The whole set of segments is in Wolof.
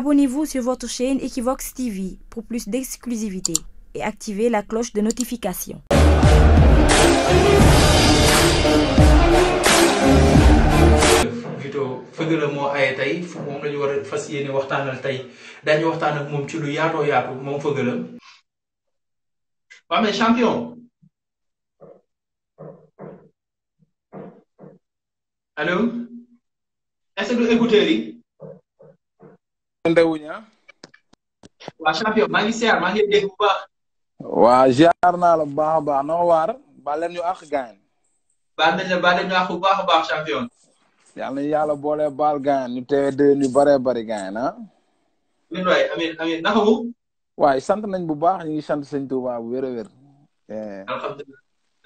Abonnez-vous sur votre chaîne Equivox TV pour plus d'exclusivité et activez la cloche de notification. Vito Feugueleu moo aye tey moom la ñu war a fas yéene waxtaanal tey dañu waxtaan ak moom ci lu yaatoo yaatu moom Feugueleu. waaw mais champion. allo. est-ce que du écouteur yi. ndewuñ ah. waa champion maa ngi siyaar bu baax. waa ziar naa la bu baax a baax noo waar ba leen ñu àq gaañ. baal nañ bu baax a baax champion. yal na yàlla boole baal gaañ ñu teewee déwén yu bëree bëri gaañ ah. amiin waay amiin amiin sant nañ bu baax ñu ngi sant sëñ Tuubaa bu wér a wér. Eh.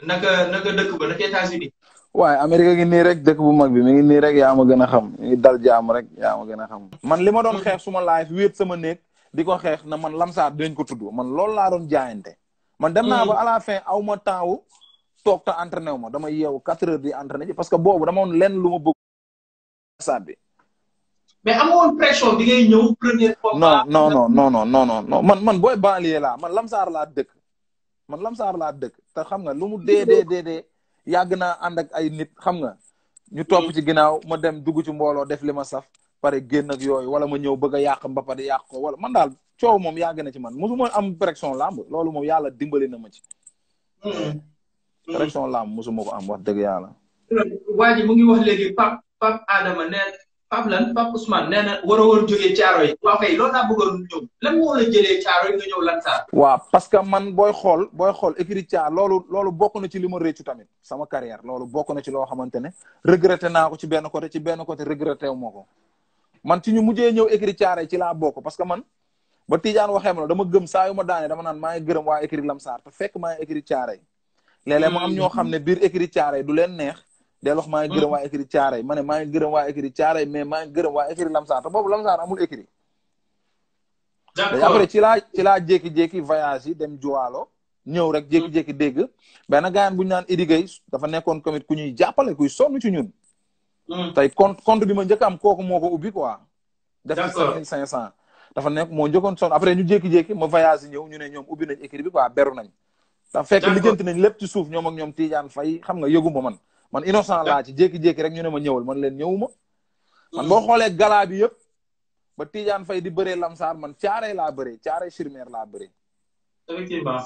naka naka dëkk ba naka États-Unis waaye Amérique ngi nii rek dëkk bu mag bi mi ngi nii rek yaa ma gën a xam mi dal jaam rek yaa ma gën a xam. man li ma doon xeex suma live wéet sama néeg di ko xeex na man lamsaar dinañ ko tudd man loolu laa doon jaayante. man dem naa hmm. ba à la fin aw ma temps wu toog te entraîné wu ma dama yeewu quatre heures di entraîné parce que boobu dama woon lenn lu ma bëgg saa bi. mais man man booy banlieue laa man lamsaar laa dëkk man lamsaar laa dëkk xam nga lu mu dee dee dee dee yàgg naa ànd ak ay nit xam nga. ñu topp ci ginnaaw ma dem dugg ci mbooloo def li ma saf pare génn ak yooyu wala ma ñëw bëgg a yàq ba pare yàq wala man daal coow moom yàgg na ci man mosu ma am pression làmb loolu mom yàlla dimbali na ma ci. Hmm. Hmm. pression làmb mosu ma ko am wax dëgg yàlla. Hmm. waa ji wax léegi Pape Pape Adama nee am lan Pape Ousmane nee na war a war yi. waaw kay loolu laa bëggoon ñëw ñëw lan saa. waaw parce que man booy xool booy xool écrit loolu loolu bokk na ci li ma réccu tamit sama carrière loolu bokk na ci loo xamante ne regretté naa ko ci benn côté ci benn côté regretté wu ma ko man ci ñu mujjee ñëw écrit ci laa bokk parce que man ba Tidiane waxee ma la dama gëm saa yu ma daane dama naan maa gërëm waa écrit Lamsaar te fekk maa ngi écrit caaro yi. am ñoo xam ne biir écrit caaro du leen neex del wax maa ngi gërëm hmm. waa écrit caaray ma ne maa ngi gërëm waa écrit caaray mais maa ngi gërëm waa écrit lamsaar te boobu lamsaar amul écrit après ci laa ci laa jékki-jékki voyage yi dem juwaalo ñëw rek jékki-jékki dégg benn gaayan bu ñu naan Idi dafa nekon commit ku ñuy jàppale kuy sonn ci ñun hmm. tey compte compte bi ma njëkk am kooku moo ko ubbi quoi def ci sept mille cinq cent dafa nekk moo njëkkoon sonn après ñu jékki-jékki ma voyage ñëw ñu ne ñoom ubbi nañ écrit bi quoi beru nañ dafa fekk lijjanti nañ lépp ci suuf ñoom ak ñoom Tidiane fay xam nga yëgu man man innocent laa ci jékki-jékki rek ñu ne ma ñëwal man leen ñëwuma man boo xoolee galaa bi yëpp ba Tidiane Faye di bëree lamsaar man caaree la bëree caaree chirmère laa bëree. effectivement.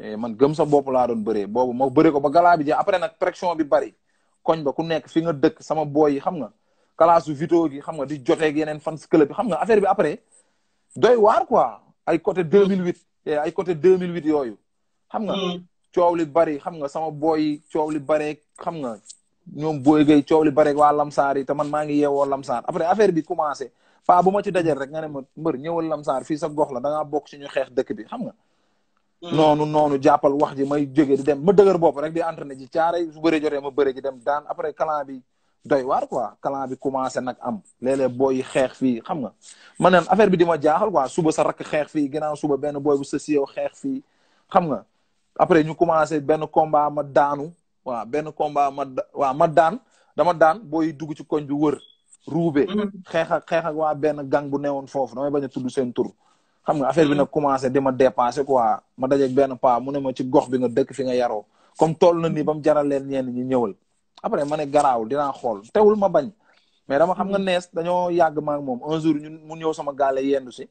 Eh, man gëm sa bopp laa doon bëree boobu moo bëree ko ba galaa bi jeex après nag pression bi bari koñ ba ku nekk fi nga dëkk sama boy yi xam nga kalaasu vito gi xam nga di joteeg yeneen fans club bi xam nga affaire bi après doy waar quoi ay côté 2008 eh, ay côté 2008 yooyu xam nga. Mm. coow li bari xam nga sama booy coow li bari xam nga ñoom booy gay coow li bari waa Lamsaar yi man maa ngi yeewoo Lamsaar après affaire bi commencé paa bu ma ci dajal rek nga ne ma mbër ñëwal Lamsaar fii sa gox la da bokk ci ñu xeex dëkk bi xam nga. Hmm. noonu noonu jàppal wax ji may jóge di dem ma dëgër bopp rek di entraîné ji caaray su bëree jotee ma bëri ji dem daan après clan bi doy waar quoi clan bi commencé nag am léeg-léeg booy xeex fii xam nga man naan affaire bi di ma jaaxal quoi suba sa rakk xeex fii ginnaaw suba benn booy bu sa siiw xeex fii xam nga après ñu commencé benn combat ma daanu waaw benn combat ma waaw ma daan dama daan booy dugg ci koñ bi wër ruube mm-hmm. xeex ak xeex ak waa benn gang bu newoon foofu damay bañ a seen tur xam nga affaire bi mm-hmm. nag commencé di ma dépassé quoi ma dajeeg benn paa mu ne ma ci gox bi nga dëkk fi nga yaroo comme toll na nii ba mu jaral leen ñenn ñu ñëwal après ma ne garaawul dinaa xool tewul ma bañ mais dama xam nga mm-hmm. nees dañoo yàgg ma ak moom un jour ñun mu ñëw sama gaale yendu si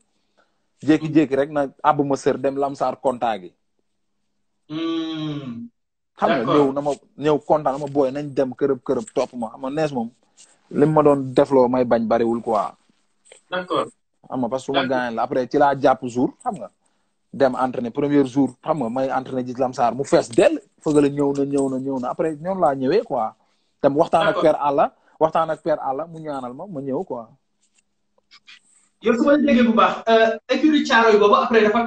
jékki-jékki rek na àbb ma sër dem lamsaar kontaa gi Hmm. xam nga ñëw na ma ñëw kontaan na ma booy nañ dem kërëb kërëb topp ma xam nees moom li ma doon defloo may bañ bariwul quoi. d'accord xam nga parce que su la après ci laa japp jour xam nga. dem entraîner premier jour xam nga may entraîner ji Lamsaar mu fees dell fëgg la ñëw na ñëw na ñëw na après ñoom laa ñëwee quoi. dem waxtaan ak père àlla waxtaan ak àlla mu ñaanal ma ma ñëw quoi. yow su ma la bu baax euh, écurie Thiaroye boobu après dafa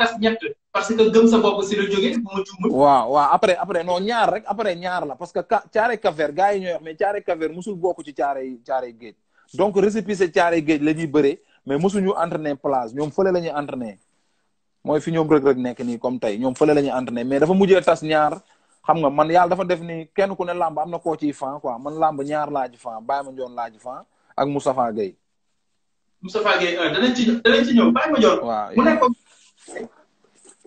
parce que la jógee bu ma juumul. waaw waaw après après ñaar rek après ñaar la parce que ka Thiaroye Cap-Vert gars yi ñooy wax mais Thiaroye Cap-Vert mosul bokk ci Thiaroye Thiaroye géej donc récépissé Thiaroye géej la ñuy bëree mais mosuñu entraîner place ñoom fële la ñuy mooy fi ñoom rek rek nekk nii comme tey ñoom fële la ñuy mais dafa mujjee tas ñaar xam nga man yàlla dafa def ni kenn ku ne làmb am na koo ciy fan man lamb ñaar laa ci fan Baye Mandione laa ci fan ak Moustapha Gueye Moustapha Gueye un euh, danañ ci danañ ci ñëw bàyyi ma joon mu nekk ko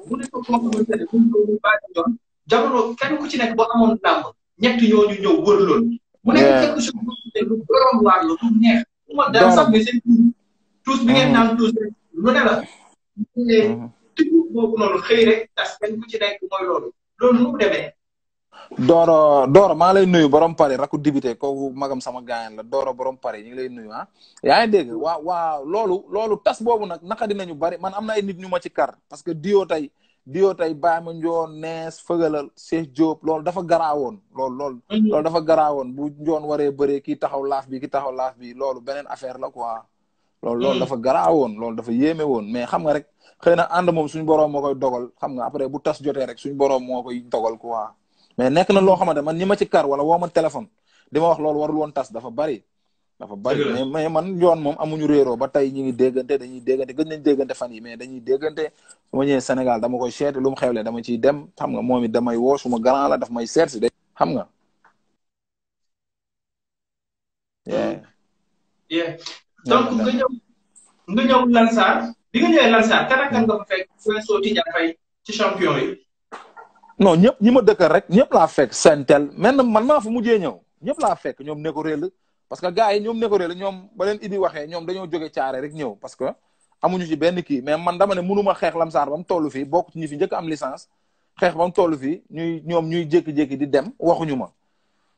mu nekk ko koo xamante ne buñ ko bàyyi ma joon jamono kenn ku ci nekk boo amoon làmb ñett ñooñu ñëw wër loolu mu nekk quelque chose boo lu borom waar la lu neex bu mm-hmm. ne la te mm-hmm. tibb boobu noonu xëy rek tas ku ci nekk mooy loolu loolu nu mu demee Doro ma maa lay nuyu borom Paris rakku dibite kooku magam sama gaayan la Doro borom Paris ñu ngi lay nuyu a ah. yaa ngi dégg waa waa loolu loolu tas boobu nag naka dinañu bari man am na ay nit ñu ma ci kar parce que Dio tey Dio tey Baye Mandione Nees Feugelal Cheikh Diop loolu dafa garaawoon loolu loolu. Mhm. loolu dafa garaawoon bu Ndione waree bëree kii taxaw laaf bi kii taxaw laaf bi loolu beneen affaire la quoi. loolu loolu mhm. dafa garaawoon loolu dafa yéeme woon mais xam nga rek xëy na ànd moom suñu borom moo koy dogal xam nga après bu tas jotee rek suñu borom moo koy dogal quoi. mais nekk na loo xamante man ni ma ci kar wala woo ma téléphone di ma wax lool warul woon tas dafa bari dafa bari mais mais man yoon moom amuñu réeroo ba tey ñu ngi déggante dañuy déggante gëj nañ déggante fan yi mais dañuy déggante su ma ñëwee Sénégal dama koy seeti lu mu xewle dama ciy dem xam nga moom it damay woo suma grand la daf may seet si de xam nga donc nga ñëw nga ñëw Lansar ñëwee Lansar kan ak nga fa fekk Sow Tidiane Faye ci champion yi non ñëpp ñi ma dëkkal rek ñëpp laa fekk seen tel man man maa fa mujjee ñëw ñëpp laa fekk ñoom nekko réel parce que gars yi ñoom nekko réel ñoom ba leen idi waxee ñoom dañoo jóge caare rek ñëw parce que amuñu ci benn kii mais man dama ne mënuma xeex lamsaar ba mu toll fii bokk ci ñi fi njëkk am licence xeex ba mu toll fii ñuy ñoom ñuy jékki-jékki di dem waxuñu ma.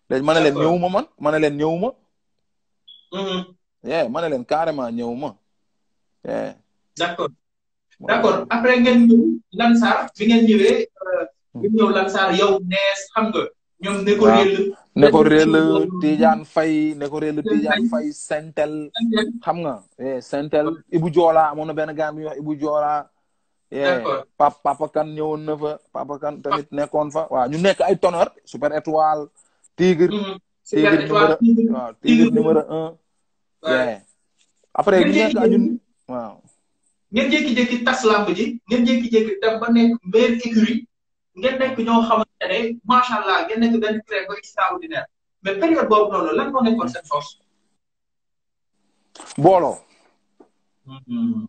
léegi ma ne leen ñëwuma man ma ne leen ñëwuma. Mm-hmm. eh ma ne leen carrément ñëwuma. Eh. d' accord d' accord après ngeen ñëw lamsaar bi ngeen ñëwee. Euh, bi mu ñëw Lansar xam nga. ñoom ko réel. ne ko ko réel Sentel. xam nga eh, Sentel Ibou Diola amoon na benn gaan bu ñuy wax Ibou Diola. Eh, papa papa kan ñëwoon na fa papa kan tamit nekkoon fa waaw ñu nekk ay tenor super étoile. tigre mm-hmm. tigre un. après ñu nekk ñun waaw. ngeen ngeen nekk ñoo allah ngeen nekk benn crème mais période booloo. Hmm.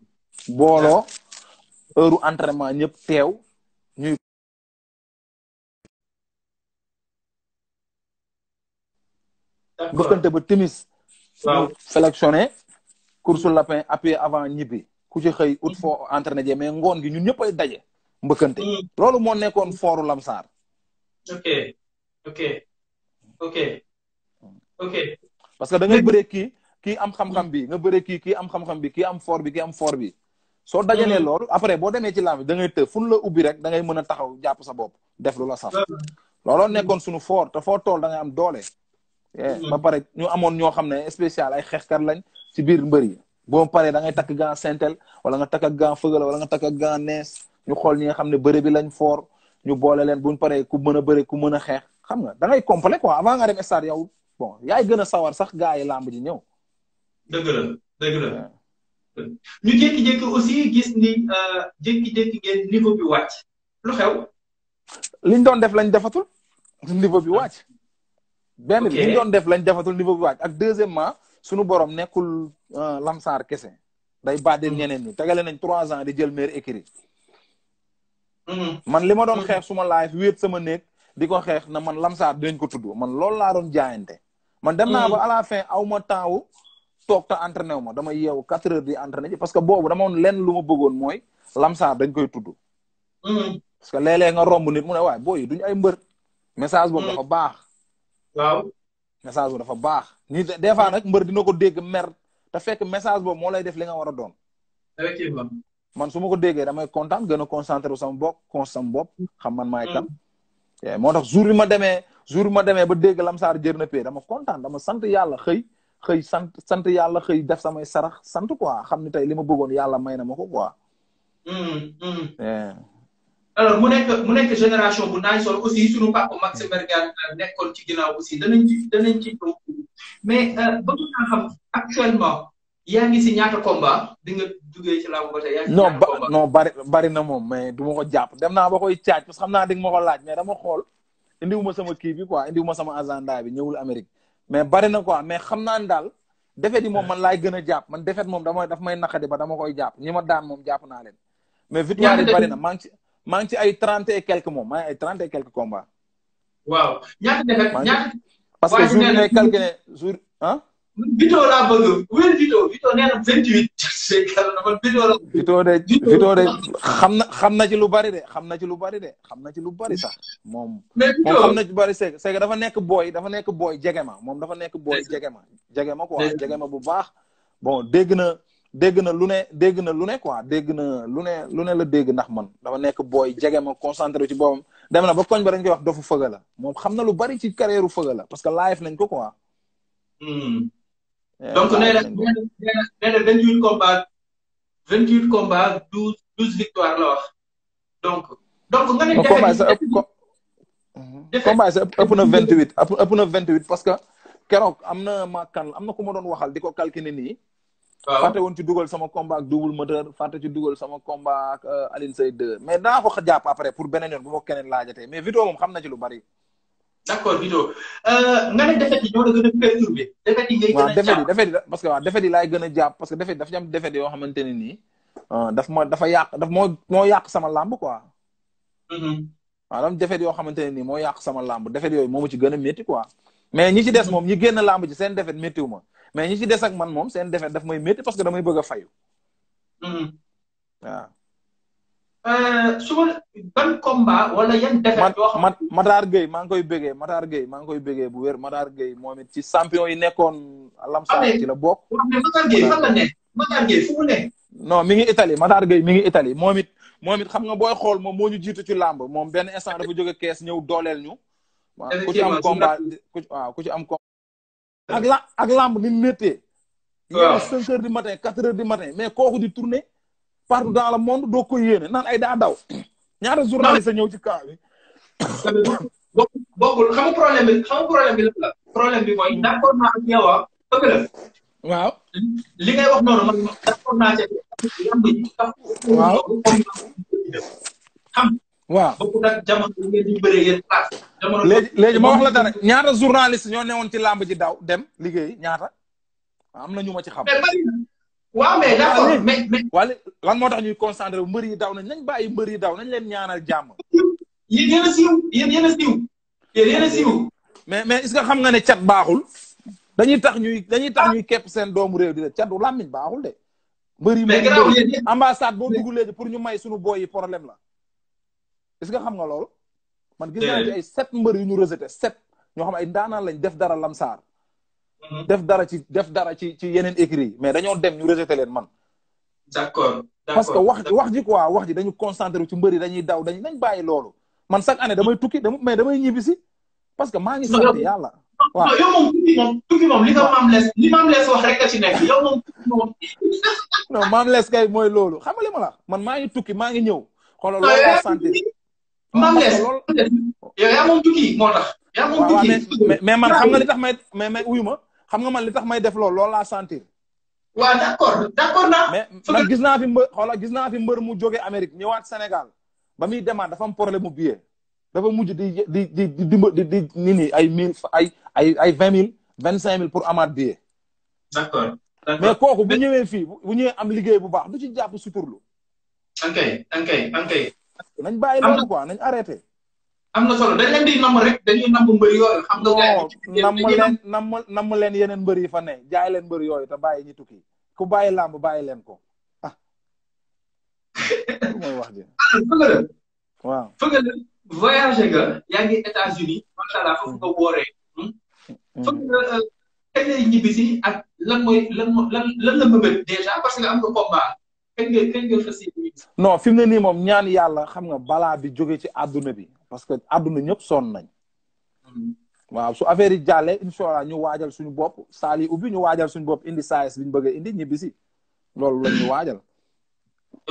booloo. heure entraînement ñëpp teew ñuy. bëkkante ba timis. waaw sélectionné. course lapin appuyé avant ñibbi ku ci xëy ut foo entraîné jee mais ngoon gi ñun ñëpp ay daje. mbëkkante. Mm. loolu moo nekkoon fooru lamsaar. ok parce que da ngay bëree kii kii am xam-xam bi nga bëree kii kii am xam bi kii am foor bi kii am foor bi. soo dajalee mm. loolu après boo demee ci lamb bi da ngay tëf fu la ubbi rek dangay ngay mën a taxaw jàpp sa bopp def lu la saf. Mm. looloo nekkoon suñu foor te foo tool da ngay am doole. Eh, ba pare ñu amoon ñoo xam ne spécial ay xeexkat lañ si biir mbër yi boo paree da ngay takk gant sentel wala nga takk ak gant fëgal wala nga takk ak nees. ñu xool ñi nga xam ne bëre bi lañ foor ñu boole leen bu ñu paree ku mën a bëre ku mën a xeex xam nga da ngay complet quoi avant nga dem stade yow bon yaay gën a sawar sax gaa yi làmb ji ñëw. dëgg la dëgg la. ñu jékki-jékki gis ni euh, jékki-jékki ngeen niveau bi wàcc lu xew. liñ doon def lañ defatul niveau bi wàcc. benn bi liñ doon def lañ defatul niveau bi wàcc ak deuxièmement suñu borom nekkul euh, lamsaar kese day bàddeel hmm. ñeneen ñi tegale nañ trois ans di jël maire écrit Mm-hmm. man li ma doon mm-hmm. xeex suma live wéet sama néeg di ko xeex na man lamsaar dinañ ko tudd man loolu laa doon jaayante. man dem naa ba mm-hmm. à la fin aw ma temps wu toog te entraîné wu ma dama yeewu quatre heures di entraîné ji parce que boobu dama woon lenn lu ma bëggoon mooy lamsaar dañ koy tudd. parce que léeg-léeg nga romb nit mu ne waaye booy duñ ay mbër. message boobu dafa baax. waaw. message boobu dafa baax. ñi des fois nag mbër dina ko dégg mer te fekk message boobu moo lay def li nga war a doon. man su ma ko déggee damay kontaan gën a concentré wu sama bopp kon sama bopp xam man maay kan mm. moo tax jour bi ma demee jour bi ma demee ba dégg lamsaar jër na pee dama kontaan dama sant yàlla xëy xëy sant sant yàlla xëy def samay sarax sant quoi xam ne tey li ma bëggoon yàlla may na ma ko quoi mm, mm. alors mu nekk mu nekk génération bu naaj sol aussi suñu papa Maxime Berger euh, nekkoon ci ginnaaw aussi danañ ci danañ ci mais euh, bëgg naa xam actuellement yaa ngi si ñaata combat di nga ba tey yaa ngi bari na moom mais du ma ko jàpp dem naa ba koy caaj parce que xam naa di nga ma ko laaj mais dama xool indiwuma sama kii bi quoi indiwuma sama agenda bi ñëwul Amérique mais bari na quoi mais xam naa ni daal defet moom man laay gën a jàpp man defet moom dama daf may naqadi ba dama koy jàpp ñi ma daan moom jàpp naa leen mais victoire yi bari na maa ngi ci maa ngi ci ay trente et quelque moom maa ngi ay trente et quelque combat parce que jour yi Vito laa bëgg wér Vito Vito de Vito de xam na xam na ci lu bari de xam na ci lu bari de xam na ci lu bari sax moom. mais moom xam na ci bari c'est que dafa nekk booy dafa nekk booy jege ma moom dafa nekk booy jege ma. jege ma quoi jege ma bu baax. bon dégg na dégg na lu ne dégg na lu ne quoi dégg na lu ne lu ne la dégg ndax man dafa nekk booy jege ma concentré ci boppam dem na ba koñ ba dañ koy wax dofu fëga la moom xam na lu bari ci carrière fëga la parce que live nañ ko quoi. Hmm. donc nee na nee na vingt huit combats vingt huit combats douze douze la wax donc. donc nga ne combat sa mhm. ëpp na vingt huit ëpp na parce que keroog am na maa kan am na ku ma doon waxal di ko calculer nii. waaw fàtte woon ci dugal sama combat ak double moteur fàtte ci dugal sama combat ak euh, Alioune Seye 2 daa ko jàpp après pour beneen yoon bu ma keneen laajatee mais vidéo moom xam na ci lu bari. d'accord Vito euh, nga ne defet yi ñoo la parce que waaw defet yi laay gën a jàpp parce que defet dafa am defet yoo xamante ne nii. Euh, daf ma dafa yàq daf moo moo yàq sama làmb quoi. Mm-hmm. waaw dafa defet yoo xamante ne nii moo yàq sama làmb defet yooyu moomu ci gën a métti mais ñi ci des moom ñi génn làmb ci seen defet méttiwu mais ñi ci des ak man moom seen defet daf may métti parce que damay bëgg a fayu. Mm-hmm. waaw. Euh, su ma ban combat Matar Gueye maa ngi koy bëggee Matar Gueye maa ngi koy bëggee bu wér Matar Gueye moom ci champion yi nekkoon lamsaar ci la bokk mais mi ngi Italie Matar Gueye mi ngi itali moom it moom it xam nga booy xool moom moo ñu jiitu ci làmb moom benn instant dafa jóge kees ñëw dooleel ñu waaw ku ci am combat ku ku ci am combat ak la ak làmb ni méttee yéen cinq heures du matin quatre heures du matin mais kooku di tourner partout dans le monde doo ko yéene naan ay ci cas bi. bokkul xam nga problème bi xam nga problème ah, waaw. ci lamb léegi ma wax la dara ñaata journaliste ñoo newoon ci lamb ji daw dem liggéey ñaata. am na ñu ci xam. waaw mais d'accord mais mais. wala lan moo tax ñuy concentré mbër yi daw nañ nañ bàyyi mbër yi daw nañ leen ñaanal jàmm. yéen yéen a siiw yéen yéen a siiw. yéen yéen a siiw. mais mais est-ce xam nga ne cat baaxul. dañuy tax ñuy dañuy tax ñuy képp seen doomu réew di la catu làmmiñ baaxul de. mbër yi mbër ambassade boo dugg léegi pour ñu may suñu booy yi problème la. is ce xam nga loolu. man gis naa ci ay sept mbër yu ñu rejeté sept ñoo xam ay daanaan lañ def dara lamsaar Mhm. def dara ci def dara ci ci yeneen écrits yi mais dañoo dem ñu rejeté leen man. d' accord parce que wax wax ji quoi wax ji dañu concentré ci mbëri dañuy daw dañu nañ bàyyi loolu man chaque année damay tukki dama damay ñibbisi parce que maa ngi sant yàlla. waaw non yow moom tukki moom tukki moom li nga maam les li maam les wax rek a ci nekk yow mooy loolu xam nga ma la man maa ngi tukki maa ngi ñëw. xoolal loolu ko sentir. maam les yow yaa moom tukki mais man xam nga li tax mais may uyu ma. xam nga man li tax may def loolu loolu laa sentir. waaw d' accord d' accord naa. mais gis naa fi mbër xoola gis naa fi mbër mu jóge Amérique ñëwaat senegal ba muy demaat dafa am problème mu billet dafa mujj di di di di di di nit ay mille ay ay ay vingt mille vingt cinq mille pour amaat billet. d' accord mais kooku bu ñëwee fii bu ñëwee am liggéey bu baax du ci jàpp suturlu. ok ok ok. nañ bàyyi loolu quoi nañ arrêté. am na solo dañ leen di namm rek yooyu xam leen namm namm leen yeneen mbër yi fa ne jaay leen mbër yooyu te bàyyi ñi ku bàyyi làmb bàyyi leen ko ah. mooy waaw fëgg la voyagé yaa ngi États-Unis hmm? Hmm. la euh, la mëbët dèjà parce que am nga combat kañ nga fi mu ne nii moom ñaan yàlla xam nga balaa bi jóge ci àdduna bi parce que àdduna ñëpp sonn nañ. waaw su affaire yi jàllee incha allah ñu waajal suñu bopp saal yi ubbi ñu waajal suñu bopp indi saayes bi ñu bëgg indi ñibbisi loolu la ñu waajal.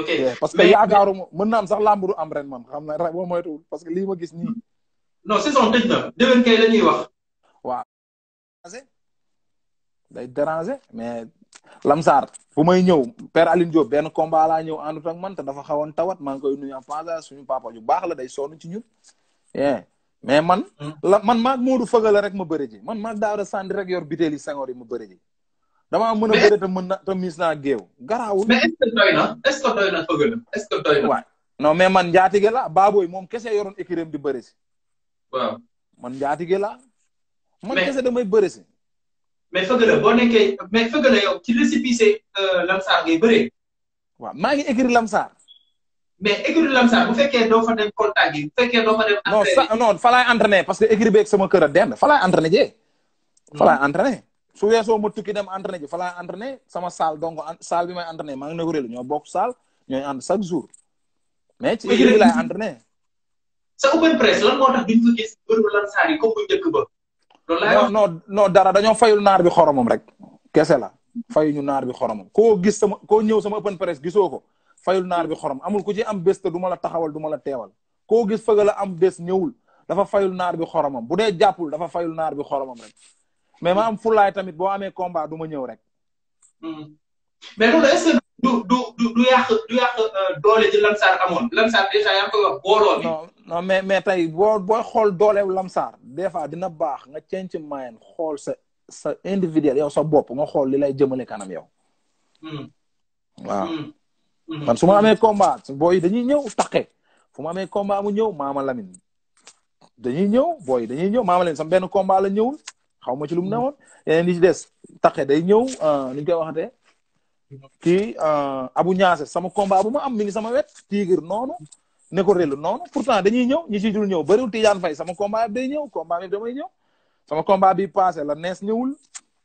ok parce que yaakaaru ma mën naa am sax làmb du am ren man xam na rek boo moytuwul parce que lii ma gis nii. non saison tëj na déwén kay la ñuy wax. waaw. déranger mais. Lamsaar bu may ñëw Père Aline Diop benn combat ñëw àndut ak man te dafa xawoon tawat maa ngi koy nuyu en passant suñu papa ju baax la day sonn ci ñun. mais man. Hmm. la man maag Moodu Fëgala rek ma bëri ji man maag Daara Sandi rek yor bitéeli Senghor yi ma bëri ji. damaa mën a bëri mën na te mis naa géew. garaawul mais est-ce que doy na est man njaatige moom kese yoroon écurie di bëri si. waaw man njaatige la man kese damay bëri si. mais Feugeuleu boo nekkee mais Feugeuleu yow ci récépissé euh, Lamsaar ngay bëree. waaw maa ngi écrire Lamsaar. mais écrire Lamsaar bu fekkee doo fa dem contact yi bu fekkee doo fa dem. entraîné non fa laay entraîné parce que écrire beeg sama kër a dem fa laay entraîné jee. fa laay hmm. entraîné. su weesoo ma dem entraîné ji fa laay entraîné sama salle donc salle bi may entraîné maa ngi ne wérélu ñoo bokk saal ñooy ànd chaque jour. mais ci écrire bi laay entraîné. sa open press lan moo tax duñ ko gis bëriwul Lamsaar yi comme bu non non non dara dañoo fayul naar bi xoromam rek kese la fayuñu naar bi xoromam koo gis sama koo ñëw sama open presse gisoo ko fayul naar bi xorom amul ku ci am bés te du la taxawal du la teewal koo gis fëgg la am bés ñëwul dafa fayul naar bi xoromam bu dee jàppul dafa fayul naar bi xoromam rek mais ma am fulaay tamit boo amee combat du ma ñëw rek. Hmm. mais loolu est non mais mais tey boo booy xool dooleew lamsaar des fois dina baax nga cenc mayen xool sa sa individuel yow sa bopp nga xool li lay jëmale kanam yow. Hmm. waaw. Hmm. Hmm. man su ma amee combat booy dañuy ñëw taqe fu ma amee combat mu ñëw maama Lamine. ñëw booy dañuy ñëw maama Lamine benn combat la ñëwul xaw ma ci lu mu newoon yeneen yi ci des taqe day ñëw euh, nu ñu koy waxatee. kii euh, Abu Ñaase sama combat bu ma am mi ngi sama wet Tigre noonu. ne ko rélu non pourtant dañuy ñëw ñu ci dul ñëw bëriwul Tidiane fay sama combat bi day ñëw combat bi damay ñëw sama combat bi passé la nees ñëwul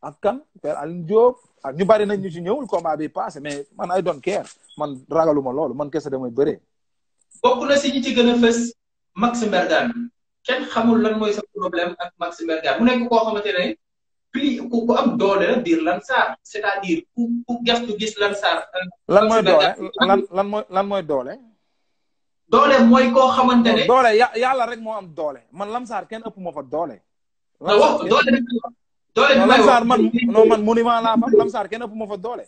ak kan Père Aline Diop ñu bari na ñu ci ñëwul combat bi passé mais man ay doon care man ragaluma loolu man kese damay bari bokk na si ñi ci gën a Max Mbergane kenn xamul lan mooy sa problème ak Max Mbergane mu nekk koo xamante ne plus ku am doole la biir lan saar c'est-à-dire ku ku gestu gis lan saar. lan mooy doole lan lan lan mooy doole. doole mooy koo xamante ne. doole yàlla rek moo am doole man Lamsaar kenn ëpp moo fa doole. Ah, doole doole Lamsaar man non man monument laa doole.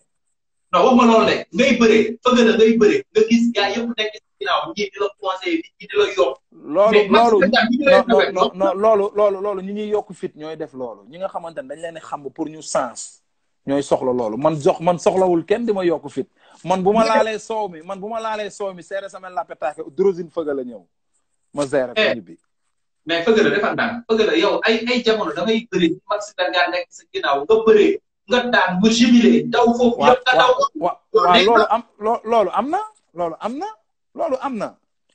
loolu rek ngay bëree na ngay bëree nga gis gars yëpp loolu loolu loolu loolu ñuy yokk fit ñooy def loolu ñi nga xamante ne dañ leen a xam pour ñu sens. ñooy soxla loolu man jox man soxlawul kenn di ma yokk fit man bu ma laalee soow mi man bu ma laalee soow mi seere sama lappetaake drosine fëga la ñëw ma seere ko eh, bi mais fëga la defal daan fëga la yow ay ay jamono da ngay bëri mag si da ngaa nekk sa nga bëree nga daan nga jubilé daw nga daw waaw waaw loolu am na loolu am na loolu am na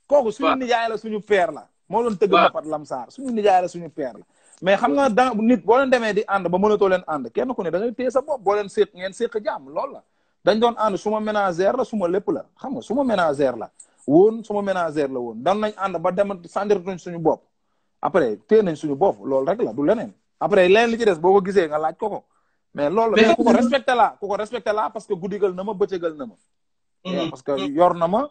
kooku suñu nijaay la suñu peer la moo doon tëgg mbapat lamsaar suñu suñu peer la mais xam nga dans nit boo leen demee di ànd ba mënatoo leen ànd kenn ku ne da ngay téye sa bopp boo leen séq ngeen séq jàmm loolu la dañ doon ànd suma ménagère la suma lépp la xam nga suma ménagère la woon suma ménagère la woon dan nañ ànd ba dem sendirtuñ suñu bopp après téye nañ suñu bopp loolu rek la du leneen après leneen li ci des boo ko gisee nga laaj ko ko mais loolu la ku ko respecté laa ku ko respecté laa parce que guddigal na ma bëccëgal na ma mm-hmm. parce que yor na ma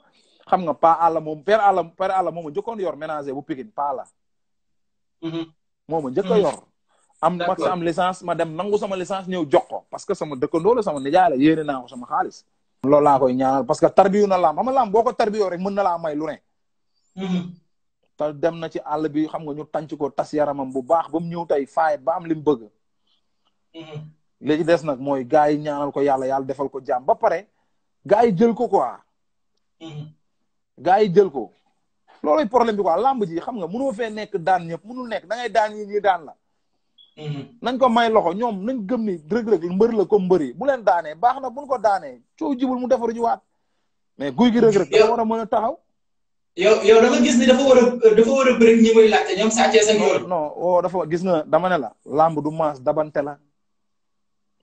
xam nga pa àlla moom père àlla père àlla moom a yor ménager bu Pikine pa la moo ma njëkk a hmm. yor am ma am licence ma dem nangu sama licence ñëw jox ko parce que sama dëkkandoo sama nijaay la yéene naa ko sama xaalis loolu laa koy ñaanal parce que tarbiyu na laam xam nga laam boo ko tarbiyoo rek mën na laa may lu ne hmm. te dem na ci àll bi xam nga ñu tànc ko tass yaramam bu baax ba mu ñëw tey faay ba am li mu bëgg hmm. li des nag mooy gars yi ñaanal ko yàlla yàlla defal ko jàmm ba pare gars yi jël ko quoi gars yi jël ko loolooy problème bi quoi làmb ji xam nga mënoo fee nekk daan ñëpp mënul nekk da ngay daan yi ñuy daan la mhm. nañ ko may loxo ñoom nañ gëm ni rëg-rëg mbër la ko mbëri bu leen daanee baax na buñ ko daanee coow jibul mu defaru ji waat mais guy gi rëg-rëg da war a mën a taxaw yow dafa war a dafa war a oh, dafa gis na dama ne la làmb du maas dabante la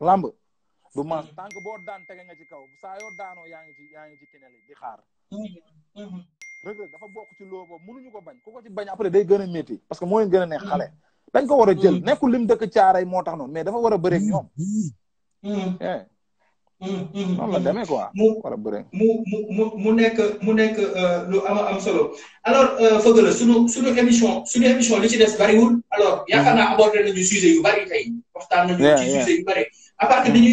làmb du maas mhm. tànk boo daan tege nga ci kaw saa yoo daanoo yaa ngi ci yaa ngi ci tinel yi di xaar mhm, rëg dafa bokk ci loo boobu mënuñu ko bañ ku ko ci bañ après day gën a métti parce que moo leen gën a neex xale dañ ko war a jël mm. nekkul lim dëkk caaray moo tax no mais dafa war a bëreeg ñoom mm. Mm. Eh. noonu la demee quoi mu war a bëreeg mu mu mu nekk mu nekk euh, lu ama am solo alors fëgg la suñu suñu émission suñu émission li ci des bariwul alors yaakaar naa abordé nañu sujet yu bari tey waxtaan nañu ci sujet yu bari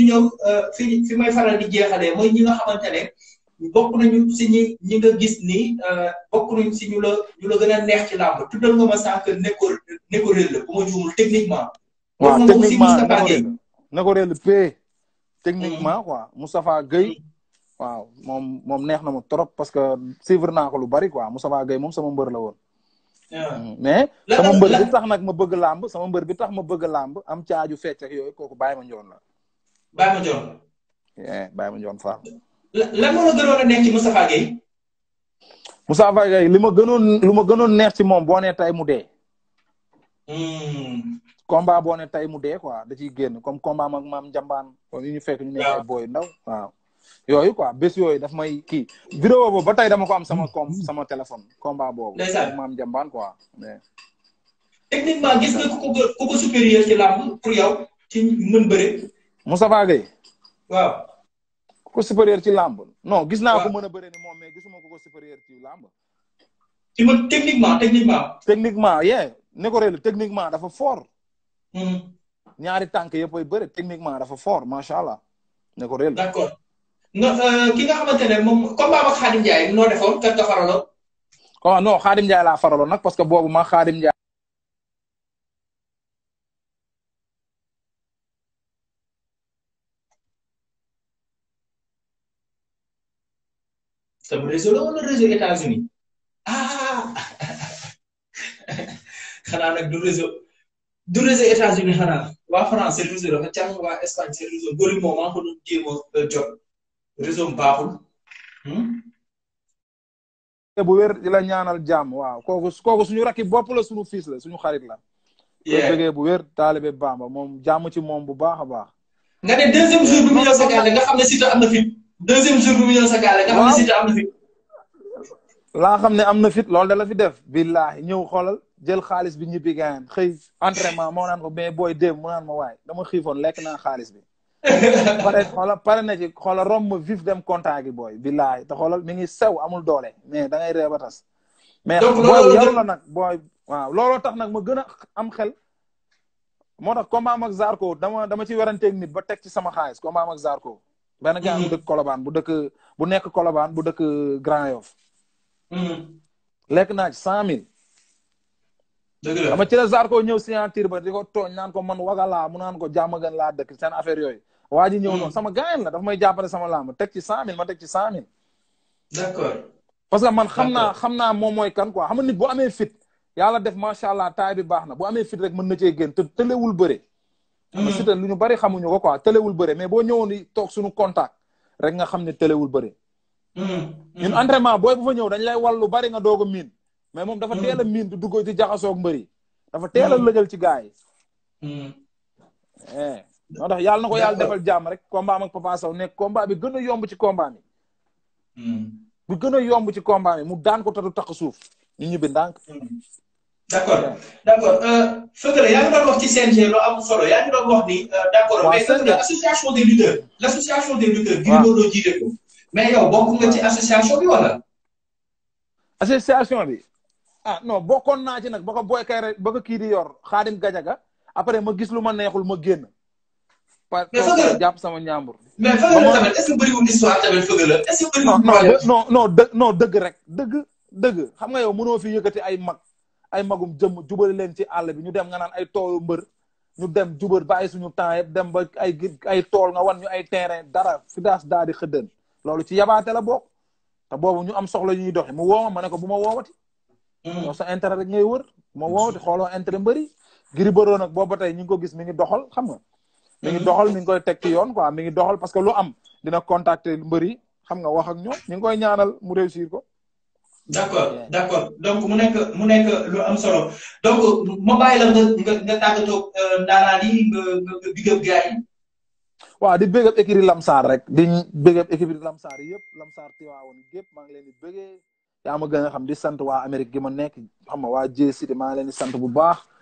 ñëw euh, fi fi may faral di jeexalee mooy ñi nga xamante bokk nañu si ñi ñi nga gis ni euh, bokk nañu ñu la ñu la gën a neex ci làmb tuddal nga ma sànq neko bu ma juumul techniquement. waaw techniquement neko réel neko techniquement mm. quoi Moustapha Gueye. Mm. waaw moom neex na ma trop parce que suivre naa ko lu bari quoi Moustapha Gueye moom sama mbër la woon. Ah. Mm. mais sama mbër bi tax nag ma bëgg làmb sama mbër bi tax ma bëgg làmb am caaju fecc ak yooyu kooku bàyyi ma njoon la. bàyyi ma njoon. bàyyi lan moo la gënoon a neex ci Moustapha Gueye. Moustapha Gueye li ma gënoon lu ma gënoon neex ci moom boo nee tey mu dee. Hmm. combat boo ne tey mu dee ko da ciy génn comme combat maam njambaan ñu fekk ñu ne yooyu quoi bés yooyu daf may kii. vidéo boobu ba tey dama ko am sama hmm. com sama téléphone. combat boobu ndeysaan maam njambaan techniquement gis nga ku ko ku ko supérieur ci làmb pour yow ci mën bëre. Moustapha Gueye waaw. ko supérieur ci làmb no gis naa ko mën a bëre ni moom mais gisuma ko ko supérieur ci làmb ci techniquement techniquement techniquement yee ne ko techniquement dafa fort hmm. ñaari tànk yëpp ay techniquement dafa foor macha allah ne ko réelu d'accord nga euh, ki nga xamante ne moom combat ak Xaadim Njaay noo defoon kan nga faraloon. Oh, non Xaadim Njaay laa faraloon nag parce que boobu ma Xaadim Njaay sama réseau la wala réseau États-Unis ah xanaa nag du réseau du réseau États-Unis xanaa waa France seen réseau dafa càng waa Espagne seen réseau góor moom maa ngi euh, jot réseau baaxul. Hmm? bu wér di la ñaanal jàmm waaw kooku kooku suñu rakki bopp la suñu fils la suñu xarit la. bëggee bu wér taalibe Bamba moom jàmm ci moom bu baax a baax. nga ne deuxième jour bi mu nga xam ne Siteu am deuxième laa xam ne am na fit loolu da la fi def. billaahi ñëw xoolal jël xaalis bi ñibbi gaan xëy entraînement moo naan ko mais booy démb mu naan ma waay dama xiifoon lekk naa xaalis bi. pare xoolal pare na ci xoolal romb vif dem contact gi booy billaahi te xoolal mi ngi sew amul doole mais da ngay ba tas. mais booy yow la nag booy. waaw looloo tax nag ma gën am xel. moo tax combat am ak Zarko dama ci weranteeg nit ba teg ci sama xaalis combat am Zarko. benn gaa bu mm-hmm. dëkk Colobane bu dëkk bu nekk kolobaan bu dëkk Grand Yoff. Mm-hmm. lekk naa ci cent mille. dëgg la xam nga ci la ñëw signature ba di ko tooñ naan ko man waga laa mu naan ko jàmm gan laa dëkk seen affaire yooyu. waa ji ñëw mm-hmm. noonu sama gaayen la dafa may jàppale sama làmb teg ci cent mille ma teg ci cent mille. d'accord parce que man xam naa xam naa moom mooy kan quoi xam nga nit bu amee fit. yàlla def macha allah taay bi baax na bu amee fit rek mën na cee génn te tëlewul bëre. Mm. Siteu lu ñu bari xamuñu ko quoi tëlewul bëre mais boo ñëwoon di toog sunu contact rek nga xam ne tëlewul bari mm. mm. ñun entraînement booy bu fa ñëw dañ lay wal lu bari nga doog a miin. mais moom dafa teel miin du dugg ci jaxasoo ak mbër yi dafa teel a ci gars yi. Eh, moo tax yàlla na ko yàlla defal jàmm rek combat ak Papa Sow nekk combat bi gën a yomb ci combat bu gën a yomb ci combat mu daan ko tatu taq suuf ñi ñibbi ndànk. d' accord d' accord euh, yaa ngi doon wax ci CNG loo amul solo yaa ngi doon wax ni euh, d' mais association des lutteurs l' association jiite ko mais yow bokk nga ci association bi wala association bi ah non bokkoon naa ci nag ba ko booy kay rek ba ko yor Xaadim Gajaga après ma gis lu ma neexul ma génn par jàpp sama ñaambur mais Feugueleu tamit est que bëriwul histoire tamit Feugueleu est ce dëgg rek dëgg dëgg xam nga yow mënoo fi yëkkati ay mag ay magum jëmm jubali leen ci àll bi ñu dem nga naan ay toolu mbër ñu dem jubal bàyyi suñu temps yëpp dem ba ay ay tool nga wan ñu ay terrain dara fi daas di xëddën loolu ci yabaate la bokk te boobu ñu am soxla ñu doxi mu wooma ma ne ko bu ma woowati mm. yow sa intérêt rek ngay wër bu ma mm. woowati xooloo intérêt mbëri giri bëroo nag booba tey ñu ngi ko gis mi ngi doxal xam nga mi ngi mm. doxal mi ngi koy teg ci yoon quoi mi ngi doxal parce que lu am dina contacter mbëri xam nga wax ak ñoom ñu ngi koy ñaanal mu réussir ko d' accord donc mu nekk mu nekk lu am solo donc ma bàyyi la nga nga nga tàggatoo euh, ndaanaan yi nga nga bigab gars yi. waaw di bégab écurie Lamsaar rek di bégab écurie Lamsaar yëpp Lamsaar Tiwaawoon gépp maa ngi leen di bégee yaa ma xam di sant waa Amérique gi ma nekk xam nga waa Jé Cité maa ngi leen di sant bu baax.